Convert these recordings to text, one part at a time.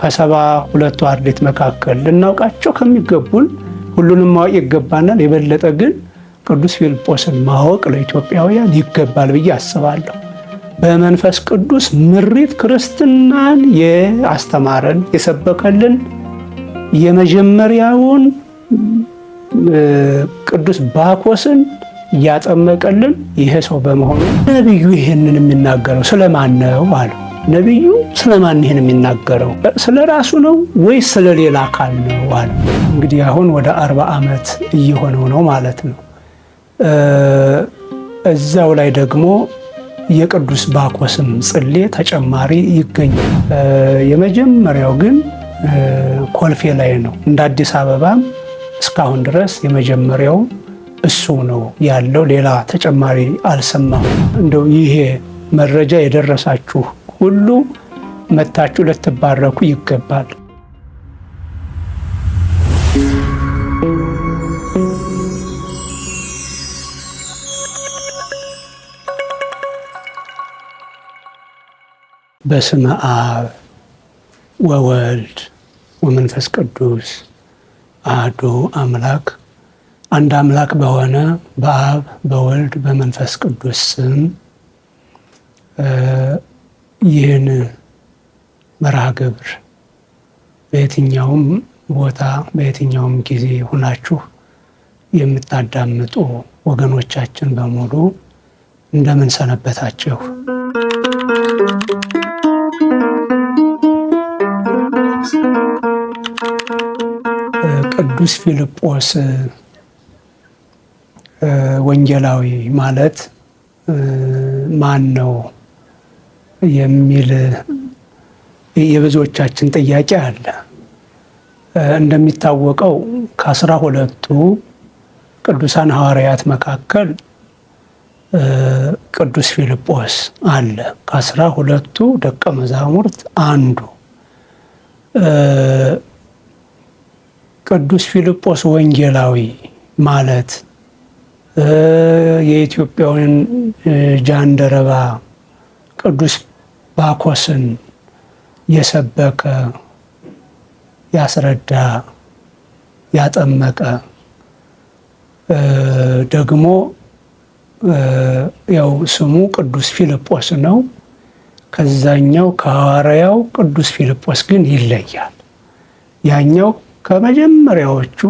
ከሰባ ሁለቱ አርድእት መካከል ልናውቃቸው ከሚገቡን ሁሉንም ማወቅ ይገባናል። የበለጠ ግን ቅዱስ ፊልጶስን ማወቅ ለኢትዮጵያውያን ይገባል ብዬ አስባለሁ። በመንፈስ ቅዱስ ምሪት ክርስትናን የአስተማረን የሰበከልን የመጀመሪያውን ቅዱስ ባኮስን እያጠመቀልን ይሄ ሰው በመሆኑ ነቢዩ ይህንን የሚናገረው ስለማን ነው አሉ። ነቢዩ ስለማን ይህን የሚናገረው ስለ ራሱ ነው ወይስ ስለ ሌላ አካል ነው አለ። እንግዲህ አሁን ወደ አርባ ዓመት እየሆነው ነው ማለት ነው። እዛው ላይ ደግሞ የቅዱስ ባኮስም ጽሌ ተጨማሪ ይገኛል። የመጀመሪያው ግን ኮልፌ ላይ ነው። እንደ አዲስ አበባም እስካሁን ድረስ የመጀመሪያው እሱ ነው ያለው። ሌላ ተጨማሪ አልሰማሁም። እንደው ይሄ መረጃ የደረሳችሁ ሁሉ መታችሁ ልትባረኩ ይገባል። በስመ አብ ወወልድ ወመንፈስ ቅዱስ አሐዱ አምላክ አንድ አምላክ በሆነ በአብ በወልድ በመንፈስ ቅዱስ ስም ይህን መርሃ ግብር በየትኛውም ቦታ በየትኛውም ጊዜ ሁናችሁ የምታዳምጡ ወገኖቻችን በሙሉ እንደምን ሰነበታችሁ? ቅዱስ ፊልጶስ ወንጌላዊ ማለት ማን ነው የሚል የብዙዎቻችን ጥያቄ አለ። እንደሚታወቀው ከአስራ ሁለቱ ቅዱሳን ሐዋርያት መካከል ቅዱስ ፊልጶስ አለ። ከአስራ ሁለቱ ደቀ መዛሙርት አንዱ ቅዱስ ፊልጶስ ወንጌላዊ ማለት የኢትዮጵያውን ጃንደረባ ቅዱስ ባኮስን የሰበከ ያስረዳ ያጠመቀ ደግሞ ያው ስሙ ቅዱስ ፊልጶስ ነው። ከዛኛው ከሐዋርያው ቅዱስ ፊልጶስ ግን ይለያል። ያኛው ከመጀመሪያዎቹ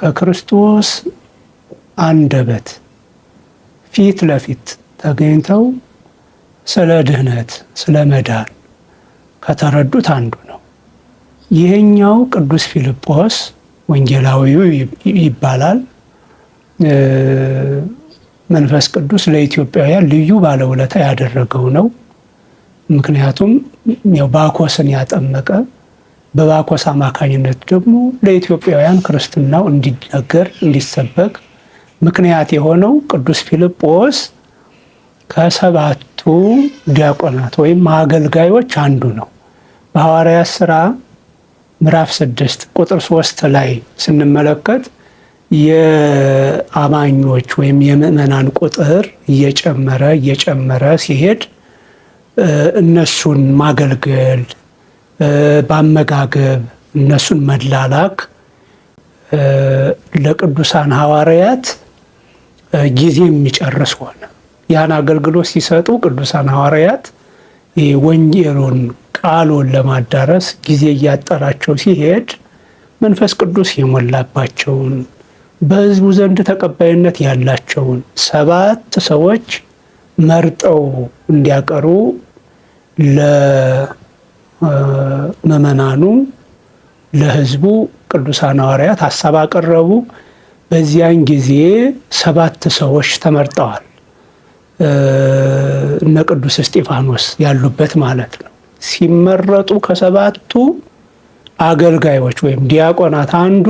ከክርስቶስ አንደበት ፊት ለፊት ተገኝተው ስለ ድህነት ስለ መዳን ከተረዱት አንዱ ነው። ይህኛው ቅዱስ ፊልጶስ ወንጌላዊው ይባላል። መንፈስ ቅዱስ ለኢትዮጵያውያን ልዩ ባለውለታ ያደረገው ነው። ምክንያቱም ያው ባኮስን ያጠመቀ በባኮስ አማካኝነት ደግሞ ለኢትዮጵያውያን ክርስትናው እንዲነገር እንዲሰበክ ምክንያት የሆነው ቅዱስ ፊልጶስ ከሰባት ከአራቱ ዲያቆናት ወይም አገልጋዮች አንዱ ነው። በሐዋርያ ስራ ምዕራፍ ስድስት ቁጥር ሶስት ላይ ስንመለከት የአማኞች ወይም የምዕመናን ቁጥር እየጨመረ እየጨመረ ሲሄድ እነሱን ማገልገል በአመጋገብ እነሱን መላላክ ለቅዱሳን ሐዋርያት ጊዜ የሚጨርስ ሆነ። ያን አገልግሎት ሲሰጡ ቅዱሳን ሐዋርያት ወንጌሉን ቃሉን ለማዳረስ ጊዜ እያጠራቸው ሲሄድ መንፈስ ቅዱስ የሞላባቸውን በሕዝቡ ዘንድ ተቀባይነት ያላቸውን ሰባት ሰዎች መርጠው እንዲያቀሩ ለምእመናኑ ለሕዝቡ ቅዱሳን ሐዋርያት ሀሳብ አቀረቡ። በዚያን ጊዜ ሰባት ሰዎች ተመርጠዋል። እነ ቅዱስ እስጢፋኖስ ያሉበት ማለት ነው። ሲመረጡ ከሰባቱ አገልጋዮች ወይም ዲያቆናት አንዱ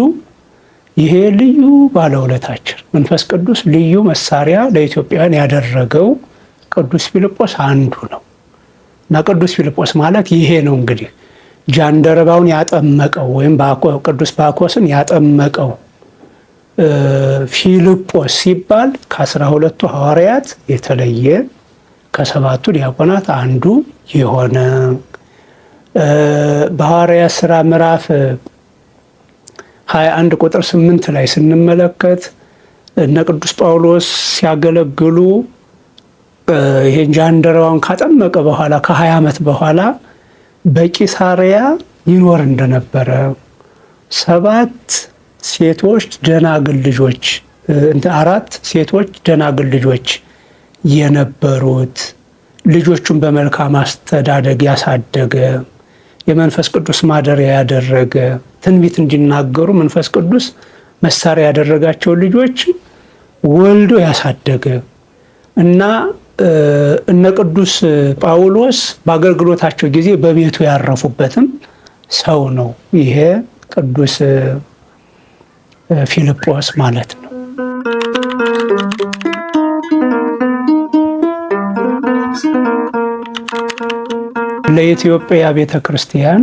ይሄ ልዩ ባለውለታችን መንፈስ ቅዱስ ልዩ መሳሪያ ለኢትዮጵያውያን ያደረገው ቅዱስ ፊልጶስ አንዱ ነው እና ቅዱስ ፊልጶስ ማለት ይሄ ነው እንግዲህ ጃንደረባውን ያጠመቀው ወይም ቅዱስ ባኮስን ያጠመቀው ፊልጶስ ሲባል ከአስራ ሁለቱ ሐዋርያት የተለየ ከሰባቱ ዲያቆናት አንዱ የሆነ በሐዋርያ ሥራ ምዕራፍ 21 ቁጥር 8 ላይ ስንመለከት እነ ቅዱስ ጳውሎስ ሲያገለግሉ ይህን ጃንደረባውን ካጠመቀ በኋላ ከ20 ዓመት በኋላ በቂሳሪያ ይኖር እንደነበረ ሰባት ሴቶች ደናግል ልጆች አራት ሴቶች ደናግል ልጆች የነበሩት ልጆቹን በመልካም አስተዳደግ ያሳደገ የመንፈስ ቅዱስ ማደሪያ ያደረገ ትንቢት እንዲናገሩ መንፈስ ቅዱስ መሳሪያ ያደረጋቸው ልጆች ወልዶ ያሳደገ እና እነ ቅዱስ ጳውሎስ በአገልግሎታቸው ጊዜ በቤቱ ያረፉበትም ሰው ነው። ይሄ ቅዱስ ፊልጶስ ማለት ነው። ለኢትዮጵያ ቤተ ክርስቲያን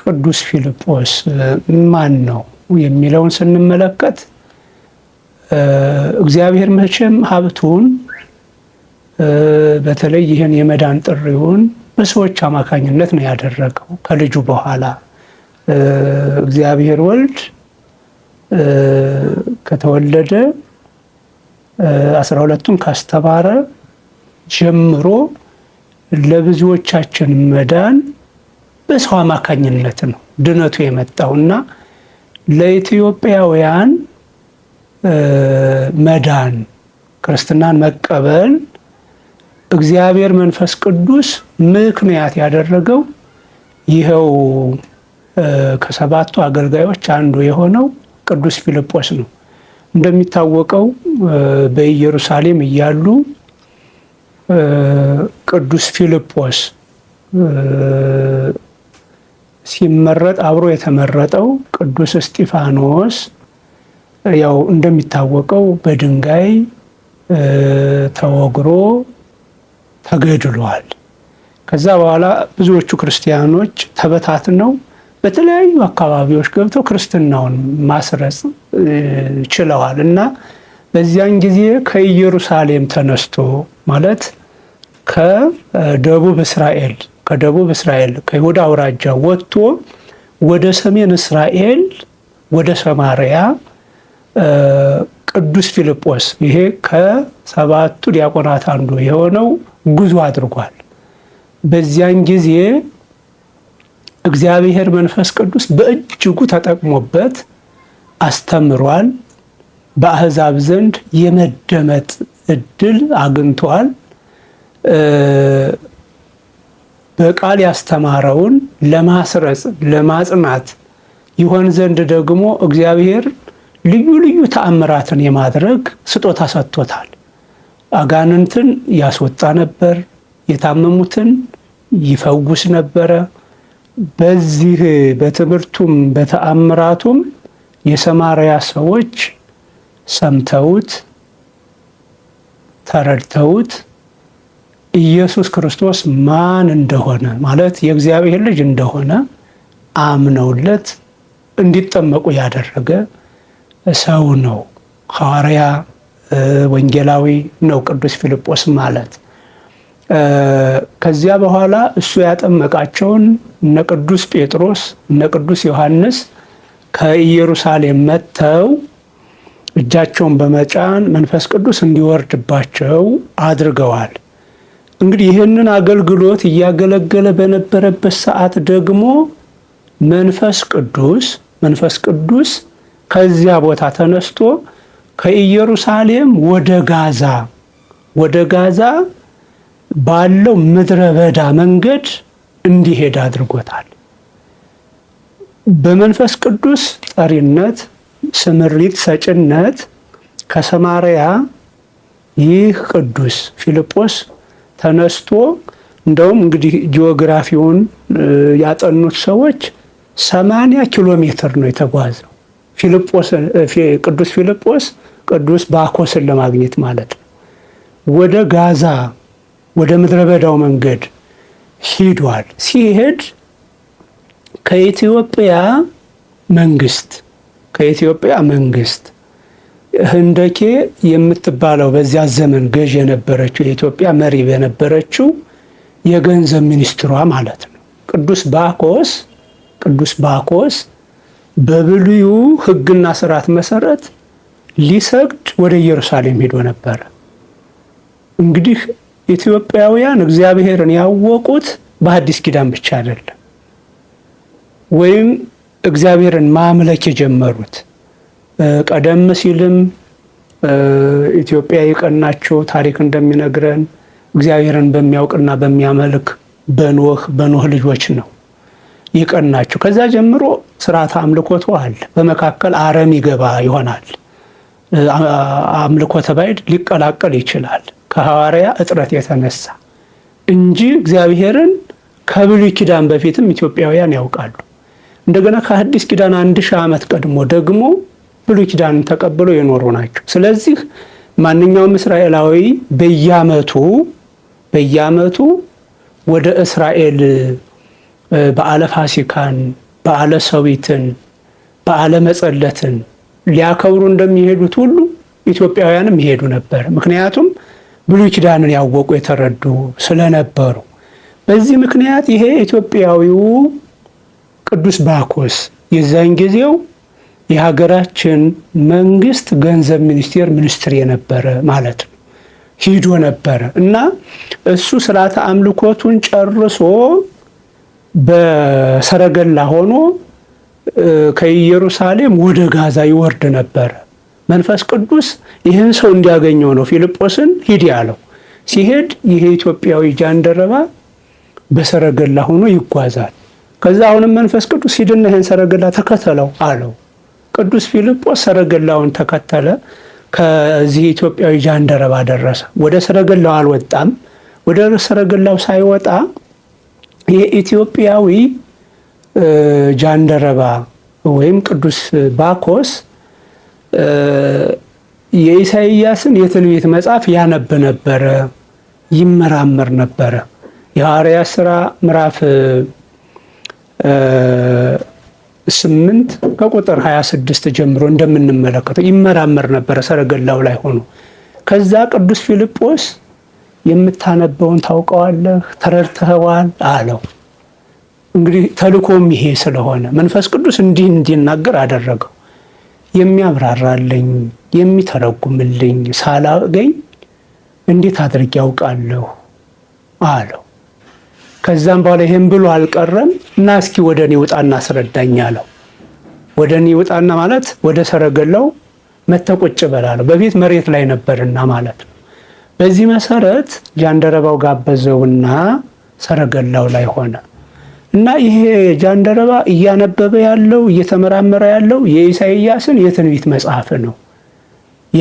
ቅዱስ ፊልጶስ ማን ነው የሚለውን ስንመለከት እግዚአብሔር መቼም ሀብቱን በተለይ ይህን የመዳን ጥሪውን በሰዎች አማካኝነት ነው ያደረገው። ከልጁ በኋላ እግዚአብሔር ወልድ ከተወለደ አስራ ሁለቱን ካስተማረ ጀምሮ ለብዙዎቻችን መዳን በሰው አማካኝነት ነው ድነቱ የመጣው እና ለኢትዮጵያውያን መዳን ክርስትናን መቀበል እግዚአብሔር መንፈስ ቅዱስ ምክንያት ያደረገው ይኸው ከሰባቱ አገልጋዮች አንዱ የሆነው ቅዱስ ፊልጶስ ነው። እንደሚታወቀው በኢየሩሳሌም እያሉ ቅዱስ ፊልጶስ ሲመረጥ አብሮ የተመረጠው ቅዱስ እስጢፋኖስ ያው እንደሚታወቀው በድንጋይ ተወግሮ ተገድሏል። ከዛ በኋላ ብዙዎቹ ክርስቲያኖች ተበታትነው በተለያዩ አካባቢዎች ገብተው ክርስትናውን ማስረጽ ችለዋል እና በዚያን ጊዜ ከኢየሩሳሌም ተነስቶ ማለት ከደቡብ እስራኤል ከደቡብ እስራኤል ከይሁዳ አውራጃ ወጥቶ ወደ ሰሜን እስራኤል ወደ ሰማርያ ቅዱስ ፊልጶስ ይሄ ከሰባቱ ዲያቆናት አንዱ የሆነው ጉዞ አድርጓል። በዚያን ጊዜ እግዚአብሔር መንፈስ ቅዱስ በእጅጉ ተጠቅሞበት አስተምሯል። በአህዛብ ዘንድ የመደመጥ እድል አግኝቷል። በቃል ያስተማረውን ለማስረጽ ለማጽናት ይሆን ዘንድ ደግሞ እግዚአብሔር ልዩ ልዩ ተአምራትን የማድረግ ስጦታ ሰጥቶታል። አጋንንትን ያስወጣ ነበር፣ የታመሙትን ይፈውስ ነበረ። በዚህ በትምህርቱም በተአምራቱም የሰማርያ ሰዎች ሰምተውት ተረድተውት ኢየሱስ ክርስቶስ ማን እንደሆነ ማለት የእግዚአብሔር ልጅ እንደሆነ አምነውለት እንዲጠመቁ ያደረገ ሰው ነው። ሐዋርያ ወንጌላዊ ነው ቅዱስ ፊልጶስ ማለት። ከዚያ በኋላ እሱ ያጠመቃቸውን እነ ቅዱስ ጴጥሮስ እነ ቅዱስ ዮሐንስ ከኢየሩሳሌም መጥተው እጃቸውን በመጫን መንፈስ ቅዱስ እንዲወርድባቸው አድርገዋል። እንግዲህ ይህንን አገልግሎት እያገለገለ በነበረበት ሰዓት ደግሞ መንፈስ ቅዱስ መንፈስ ቅዱስ ከዚያ ቦታ ተነስቶ ከኢየሩሳሌም ወደ ጋዛ ወደ ጋዛ ባለው ምድረ በዳ መንገድ እንዲሄድ አድርጎታል። በመንፈስ ቅዱስ ጠሪነት፣ ስምሪት ሰጭነት ከሰማርያ ይህ ቅዱስ ፊልጶስ ተነስቶ እንደውም እንግዲህ ጂኦግራፊውን ያጠኑት ሰዎች ሰማንያ ኪሎ ሜትር ነው የተጓዘው ቅዱስ ፊልጶስ ቅዱስ ባኮስን ለማግኘት ማለት ነው ወደ ጋዛ ወደ ምድረ በዳው መንገድ ሂዷል። ሲሄድ ከኢትዮጵያ መንግስት ከኢትዮጵያ መንግስት ህንደኬ የምትባለው በዚያ ዘመን ገዥ የነበረችው የኢትዮጵያ መሪ የነበረችው የገንዘብ ሚኒስትሯ ማለት ነው ቅዱስ ባኮስ ቅዱስ ባኮስ በብሉዩ ህግና ስርዓት መሰረት ሊሰግድ ወደ ኢየሩሳሌም ሄዶ ነበረ። እንግዲህ ኢትዮጵያውያን እግዚአብሔርን ያወቁት በአዲስ ኪዳን ብቻ አይደለም፣ ወይም እግዚአብሔርን ማምለክ የጀመሩት ቀደም ሲልም ኢትዮጵያ የቀናቸው ታሪክ እንደሚነግረን እግዚአብሔርን በሚያውቅና በሚያመልክ በኖህ በኖህ ልጆች ነው ይቀናቸው። ከዛ ጀምሮ ስርዓት አምልኮቱ አለ። በመካከል አረም ይገባ ይሆናል። አምልኮተ ባዕድ ሊቀላቀል ይችላል። ከሐዋርያ እጥረት የተነሳ እንጂ እግዚአብሔርን ከብሉይ ኪዳን በፊትም ኢትዮጵያውያን ያውቃሉ። እንደገና ከአዲስ ኪዳን አንድ ሺህ ዓመት ቀድሞ ደግሞ ብሉይ ኪዳንን ተቀብለው የኖሩ ናቸው። ስለዚህ ማንኛውም እስራኤላዊ በየዓመቱ በየዓመቱ ወደ እስራኤል በዓለ ፋሲካን፣ በዓለ ሰዊትን፣ በዓለ መጸለትን ሊያከብሩ እንደሚሄዱት ሁሉ ኢትዮጵያውያንም ይሄዱ ነበር። ምክንያቱም ብሉይ ኪዳንን ያወቁ የተረዱ ስለነበሩ በዚህ ምክንያት ይሄ ኢትዮጵያዊው ቅዱስ ባኮስ የዛን ጊዜው የሀገራችን መንግስት ገንዘብ ሚኒስቴር ሚኒስትር የነበረ ማለት ነው። ሂዶ ነበረ እና እሱ ስርዓተ አምልኮቱን ጨርሶ በሰረገላ ሆኖ ከኢየሩሳሌም ወደ ጋዛ ይወርድ ነበረ። መንፈስ ቅዱስ ይህን ሰው እንዲያገኘው ነው ፊልጶስን ሂድ ያለው። ሲሄድ ይሄ ኢትዮጵያዊ ጃንደረባ በሰረገላ ሆኖ ይጓዛል። ከዛ አሁንም መንፈስ ቅዱስ ሂድና ይህን ሰረገላ ተከተለው አለው። ቅዱስ ፊልጶስ ሰረገላውን ተከተለ። ከዚህ ኢትዮጵያዊ ጃንደረባ ደረሰ። ወደ ሰረገላው አልወጣም። ወደ ሰረገላው ሳይወጣ የኢትዮጵያዊ ጃንደረባ ወይም ቅዱስ ባኮስ የኢሳይያስን የትንቢት መጽሐፍ ያነብ ነበረ፣ ይመራመር ነበረ። የሐዋርያ ሥራ ምዕራፍ ስምንት ከቁጥር 26 ጀምሮ እንደምንመለከተው ይመራመር ነበረ ሰረገላው ላይ ሆኖ። ከዛ ቅዱስ ፊልጶስ የምታነበውን ታውቀዋለህ፣ ተረድተኸዋል አለው። እንግዲህ ተልኮም ይሄ ስለሆነ መንፈስ ቅዱስ እንዲህ እንዲናገር አደረገው። የሚያብራራልኝ የሚተረጉምልኝ ሳላገኝ እንዴት አድርጌ ያውቃለሁ አለው። ከዛም በኋላ ይህም ብሎ አልቀረም እና እስኪ ወደ እኔ ውጣና አስረዳኝ አለው። ወደ እኔ ውጣና ማለት ወደ ሰረገላው መተቆጭ በላለሁ። በፊት መሬት ላይ ነበርና ማለት ነው። በዚህ መሰረት ጃንደረባው ጋበዘውና ሰረገላው ላይ ሆነ። እና ይሄ ጃንደረባ እያነበበ ያለው እየተመራመረ ያለው የኢሳይያስን የትንቢት መጽሐፍ ነው።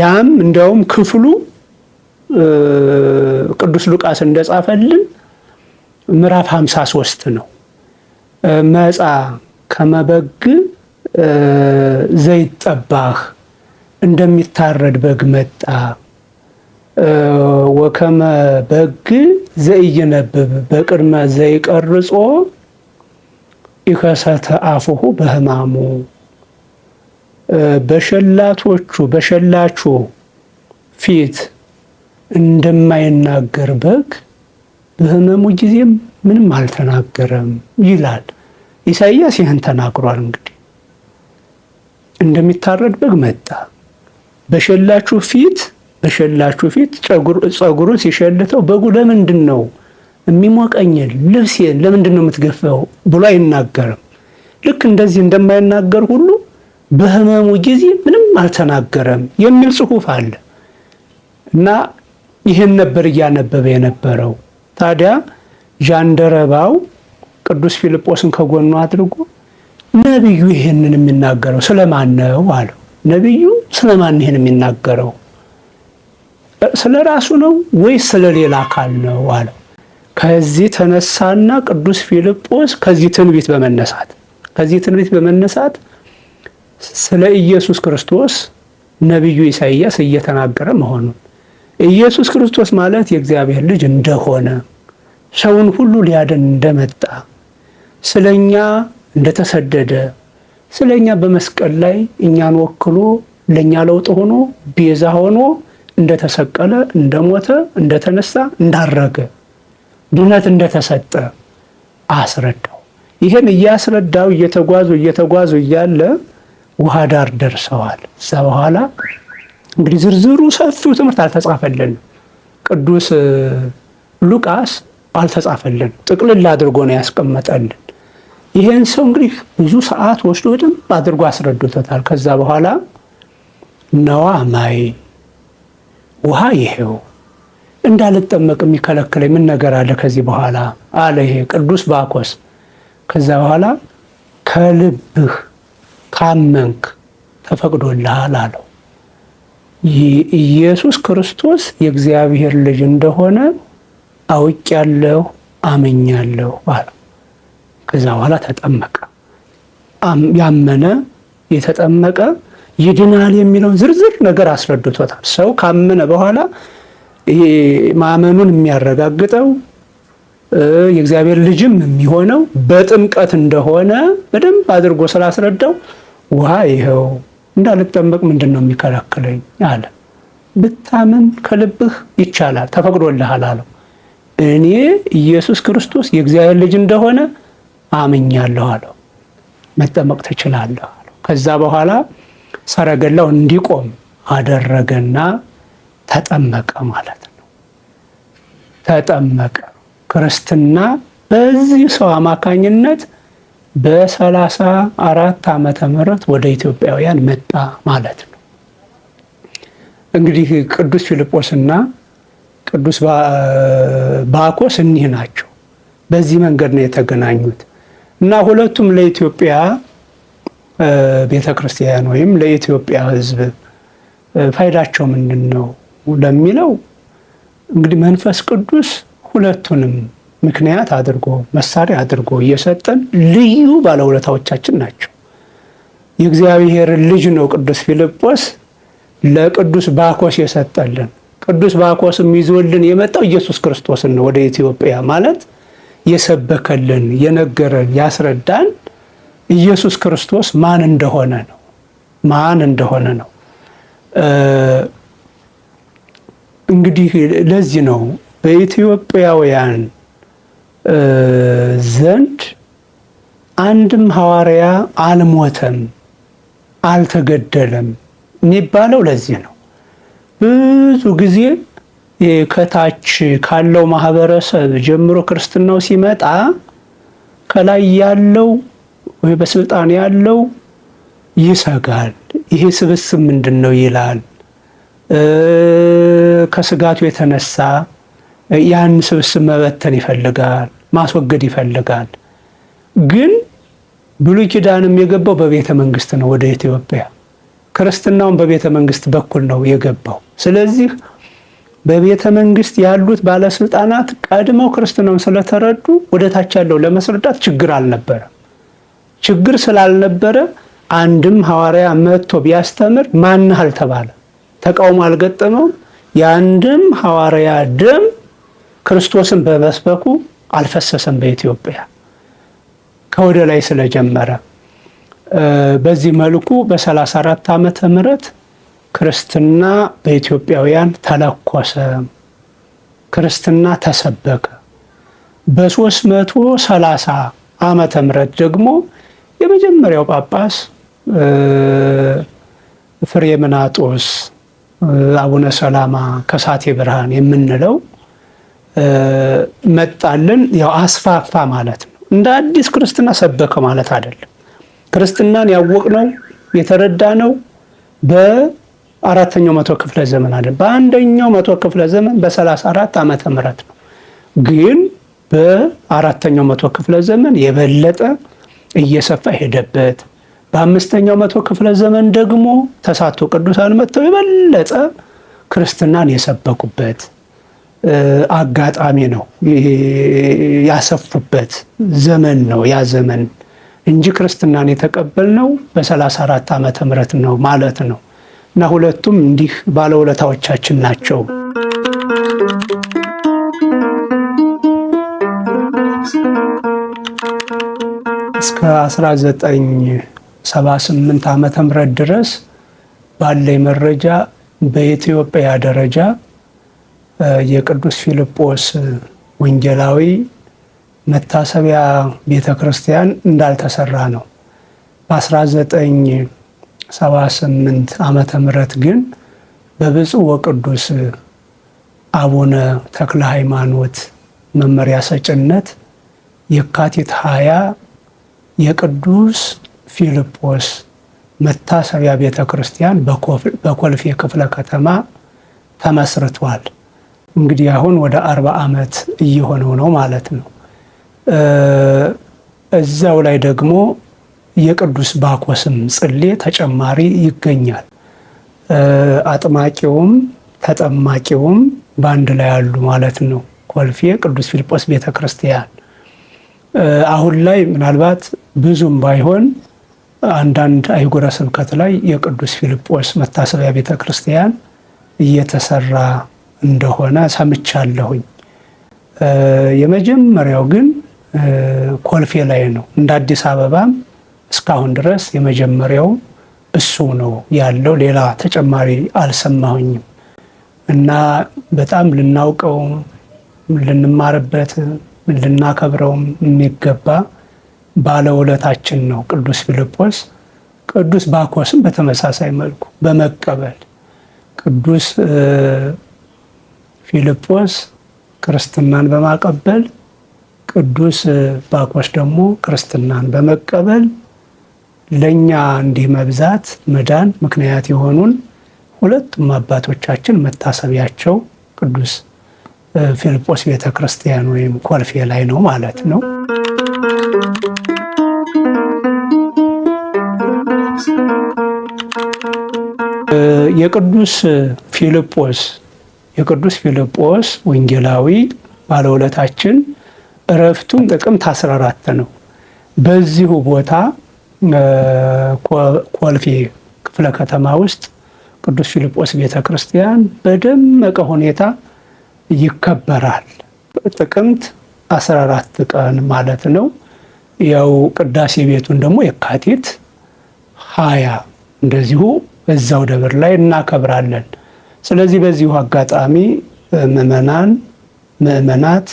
ያም እንደውም ክፍሉ ቅዱስ ሉቃስ እንደጻፈልን ምዕራፍ 53 ነው። መጻ ከመበግ ዘይጠባህ እንደሚታረድ በግ መጣ ወከመ በግ ዘይነብብ በቅድመ ዘይቀርጾ ኢከሰተ አፉሁ በህማሙ በሸላቶቹ በሸላቹ ፊት እንደማይናገር በግ በህመሙ ጊዜም ምንም አልተናገረም ይላል ኢሳይያስ። ይህን ተናግሯል። እንግዲህ እንደሚታረድ በግ መጣ በሸላችሁ ፊት በሸላችሁ ፊት ጸጉሩ ሲሸልተው በጉ ለምንድን ነው የሚሞቀኝን ልብሴን ለምንድን ነው የምትገፈው ብሎ አይናገርም። ልክ እንደዚህ እንደማይናገር ሁሉ በህመሙ ጊዜ ምንም አልተናገረም የሚል ጽሑፍ አለ እና ይህን ነበር እያነበበ የነበረው። ታዲያ ዣንደረባው ቅዱስ ፊልጶስን ከጎኑ አድርጎ ነቢዩ ይህንን የሚናገረው ስለማን ነው አለው። ነቢዩ ስለማን ይህን የሚናገረው ስለ ራሱ ነው ወይስ ስለ ሌላ አካል ነው አለው። ከዚህ ተነሳና ቅዱስ ፊልጶስ ከዚህ ትንቢት በመነሳት ከዚህ ትንቢት በመነሳት ስለ ኢየሱስ ክርስቶስ ነቢዩ ኢሳይያስ እየተናገረ መሆኑን ኢየሱስ ክርስቶስ ማለት የእግዚአብሔር ልጅ እንደሆነ ሰውን ሁሉ ሊያደን እንደመጣ ስለኛ እንደተሰደደ ስለኛ በመስቀል ላይ እኛን ወክሎ ለእኛ ለውጥ ሆኖ ቤዛ ሆኖ እንደተሰቀለ እንደሞተ እንደተነሳ እንዳረገ ድነት እንደተሰጠ አስረዳው። ይህን እያስረዳው እየተጓዙ እየተጓዙ እያለ ውሃ ዳር ደርሰዋል። እዛ በኋላ እንግዲህ ዝርዝሩ ሰፊው ትምህርት አልተጻፈልንም። ቅዱስ ሉቃስ አልተጻፈልን ጥቅልል አድርጎ ነው ያስቀመጠልን። ይህን ሰው እንግዲህ ብዙ ሰዓት ወስዶ በደንብ አድርጎ አስረድቶታል። ከዛ በኋላ ነዋ ማይ ውሃ ይሄው እንዳልጠመቅ የሚከለክለኝ ምን ነገር አለ ከዚህ በኋላ አለ ይሄ ቅዱስ ባኮስ። ከዛ በኋላ ከልብህ ካመንክ ተፈቅዶልሃል አለው። ኢየሱስ ክርስቶስ የእግዚአብሔር ልጅ እንደሆነ አውቄያለሁ፣ አመኛለሁ አለ። ከዛ በኋላ ተጠመቀ። ያመነ የተጠመቀ ይድናል የሚለውን ዝርዝር ነገር አስረድቶታል። ሰው ካመነ በኋላ ይሄ ማመኑን የሚያረጋግጠው የእግዚአብሔር ልጅም የሚሆነው በጥምቀት እንደሆነ በደንብ አድርጎ ስላስረዳው ውሃ ይኸው እንዳልጠመቅ ምንድን ነው የሚከላከለኝ አለ። ብታምን ከልብህ ይቻላል ተፈቅዶልሃል አለው። እኔ ኢየሱስ ክርስቶስ የእግዚአብሔር ልጅ እንደሆነ አምኛለሁ አለው። መጠመቅ ትችላለህ አለው። ከዛ በኋላ ሰረገላው እንዲቆም አደረገና ተጠመቀ ማለት ነው። ተጠመቀ ክርስትና በዚህ ሰው አማካኝነት በሰላሳ አራት ዓመተ ምህረት ወደ ኢትዮጵያውያን መጣ ማለት ነው። እንግዲህ ቅዱስ ፊልጶስና ቅዱስ ባኮስ እኒህ ናቸው። በዚህ መንገድ ነው የተገናኙት እና ሁለቱም ለኢትዮጵያ ቤተ ክርስቲያን ወይም ለኢትዮጵያ ሕዝብ ፋይዳቸው ምንድን ነው? ለሚለው እንግዲህ መንፈስ ቅዱስ ሁለቱንም ምክንያት አድርጎ መሳሪያ አድርጎ እየሰጠን ልዩ ባለውለታዎቻችን ናቸው። የእግዚአብሔር ልጅ ነው ቅዱስ ፊልጶስ ለቅዱስ ባኮስ የሰጠልን። ቅዱስ ባኮስም ይዞልን የመጣው ኢየሱስ ክርስቶስን ነው ወደ ኢትዮጵያ ማለት የሰበከልን፣ የነገረን፣ ያስረዳን ኢየሱስ ክርስቶስ ማን እንደሆነ ነው ማን እንደሆነ ነው። እንግዲህ ለዚህ ነው በኢትዮጵያውያን ዘንድ አንድም ሐዋርያ አልሞተም፣ አልተገደለም የሚባለው ለዚህ ነው። ብዙ ጊዜ ከታች ካለው ማህበረሰብ ጀምሮ ክርስትናው ሲመጣ ከላይ ያለው ወይ በስልጣን ያለው ይሰጋል። ይሄ ስብስብ ምንድን ነው ይላል። ከስጋቱ የተነሳ ያን ስብስብ መበተን ይፈልጋል፣ ማስወገድ ይፈልጋል። ግን ብሉይ ኪዳንም የገባው በቤተ መንግስት ነው ወደ ኢትዮጵያ። ክርስትናውም በቤተ መንግስት በኩል ነው የገባው። ስለዚህ በቤተ መንግስት ያሉት ባለስልጣናት ቀድመው ክርስትናውን ስለተረዱ ወደ ታች ያለው ለመስረዳት ችግር አልነበረ። ችግር ስላልነበረ አንድም ሐዋርያ መጥቶ ቢያስተምር ማንህ አልተባለ ተቃውሞ አልገጠመውም። የአንድም ሐዋርያ ደም ክርስቶስን በመስበኩ አልፈሰሰም በኢትዮጵያ ከወደ ላይ ስለጀመረ በዚህ መልኩ በ34 ዓመተ ምህረት ክርስትና በኢትዮጵያውያን ተለኮሰ፣ ክርስትና ተሰበከ። በ330 ዓመተ ምህረት ደግሞ የመጀመሪያው ጳጳስ ፍሬምናጦስ አቡነ ሰላማ ከሳቴ ብርሃን የምንለው መጣልን። ያው አስፋፋ ማለት ነው። እንደ አዲስ ክርስትና ሰበከ ማለት አይደለም። ክርስትናን ያወቅነው የተረዳነው በአራተኛው መቶ ክፍለ ዘመን አይደለም፣ በአንደኛው መቶ ክፍለ ዘመን በ34 ዓመተ ምህረት ነው። ግን በአራተኛው መቶ ክፍለ ዘመን የበለጠ እየሰፋ ሄደበት በአምስተኛው መቶ ክፍለ ዘመን ደግሞ ተሳቶ ቅዱሳን መጥተው የበለጠ ክርስትናን የሰበኩበት አጋጣሚ ነው ያሰፉበት ዘመን ነው ያ ዘመን እንጂ ክርስትናን የተቀበልነው በ 34 ዓመተ ምህረት ነው ማለት ነው። እና ሁለቱም እንዲህ ባለውለታዎቻችን ናቸው። እስከ 19 78 ዓመተ ምህረት ድረስ ባለኝ መረጃ በኢትዮጵያ ደረጃ የቅዱስ ፊልጶስ ወንጌላዊ መታሰቢያ ቤተ ክርስቲያን እንዳልተሰራ ነው። በ1978 ዓመተ ምህረት ግን በብፁዕ ወቅዱስ አቡነ ተክለ ሃይማኖት መመሪያ ሰጭነት የካቲት 20 የቅዱስ ፊልጶስ መታሰቢያ ቤተ ክርስቲያን በኮልፌ ክፍለ ከተማ ተመስርቷል። እንግዲህ አሁን ወደ አርባ ዓመት እየሆነው ነው ማለት ነው። እዛው ላይ ደግሞ የቅዱስ ባኮስም ጽሌ ተጨማሪ ይገኛል። አጥማቂውም ተጠማቂውም በአንድ ላይ ያሉ ማለት ነው። ኮልፌ ቅዱስ ፊልጶስ ቤተ ክርስቲያን አሁን ላይ ምናልባት ብዙም ባይሆን አንዳንድ አህጉረ ስብከት ላይ የቅዱስ ፊልጶስ መታሰቢያ ቤተ ክርስቲያን እየተሰራ እንደሆነ ሰምቻለሁኝ። የመጀመሪያው ግን ኮልፌ ላይ ነው። እንደ አዲስ አበባም እስካሁን ድረስ የመጀመሪያው እሱ ነው ያለው። ሌላ ተጨማሪ አልሰማሁኝም እና በጣም ልናውቀው ልንማርበት ልናከብረውም የሚገባ ባለውለታችን ነው ቅዱስ ፊልጶስ። ቅዱስ ባኮስም በተመሳሳይ መልኩ በመቀበል ቅዱስ ፊልጶስ ክርስትናን በማቀበል ቅዱስ ባኮስ ደግሞ ክርስትናን በመቀበል ለእኛ እንዲህ መብዛት መዳን ምክንያት የሆኑን ሁለቱም አባቶቻችን መታሰቢያቸው ቅዱስ ፊልጶስ ቤተ ክርስቲያን ወይም ኮልፌ ላይ ነው ማለት ነው። የቅዱስ ፊልጶስ የቅዱስ ፊልጶስ ወንጌላዊ ባለውለታችን እረፍቱም ጥቅምት 14 ነው። በዚሁ ቦታ ኮልፌ ክፍለ ከተማ ውስጥ ቅዱስ ፊልጶስ ቤተ ክርስቲያን በደመቀ ሁኔታ ይከበራል። ጥቅምት 14 ቀን ማለት ነው። ያው ቅዳሴ ቤቱን ደግሞ የካቲት ሀያ እንደዚሁ እዛው ደብር ላይ እናከብራለን። ስለዚህ በዚሁ አጋጣሚ ምዕመናን ምዕመናት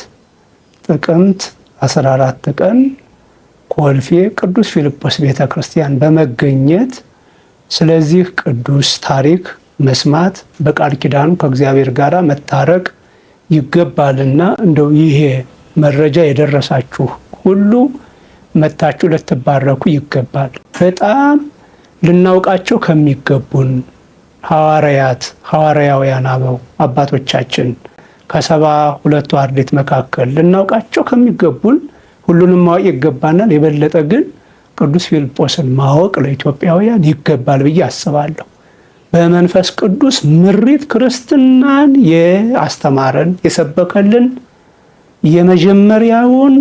ጥቅምት 14 ቀን ኮልፌ ቅዱስ ፊልጶስ ቤተ ክርስቲያን በመገኘት ስለዚህ ቅዱስ ታሪክ መስማት በቃል ኪዳኑ ከእግዚአብሔር ጋር መታረቅ ይገባልና እንደው ይሄ መረጃ የደረሳችሁ ሁሉ መታችሁ ልትባረኩ ይገባል። በጣም ልናውቃቸው ከሚገቡን ሐዋርያት ሐዋርያውያን አበው አባቶቻችን ከሰባ ሁለቱ አርድእት መካከል ልናውቃቸው ከሚገቡን ሁሉንም ማወቅ ይገባናል። የበለጠ ግን ቅዱስ ፊልጶስን ማወቅ ለኢትዮጵያውያን ይገባል ብዬ አስባለሁ። በመንፈስ ቅዱስ ምሪት ክርስትናን የአስተማረን የሰበከልን የመጀመሪያውን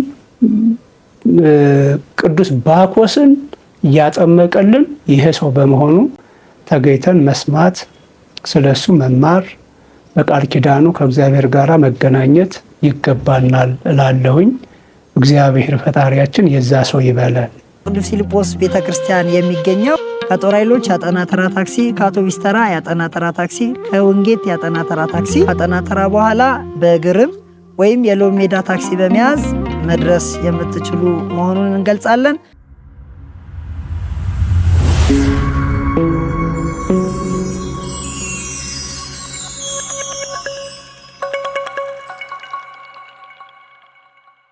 ቅዱስ ባኮስን እያጠመቀልን ይሄ ሰው በመሆኑ ተገኝተን መስማት፣ ስለሱ መማር፣ በቃል ኪዳኑ ከእግዚአብሔር ጋር መገናኘት ይገባናል እላለሁኝ። እግዚአብሔር ፈጣሪያችን የዛ ሰው ይበለን። ቅዱስ ፊልጶስ ቤተ ክርስቲያን የሚገኘው ከጦር ኃይሎች ያጠና ተራ ታክሲ፣ ከአውቶቢስ ተራ ያጠና ተራ ታክሲ፣ ከውንጌት ያጠና ተራ ታክሲ አጠና ተራ በኋላ በእግርም ወይም የሎሚ ሜዳ ታክሲ በመያዝ መድረስ የምትችሉ መሆኑን እንገልጻለን።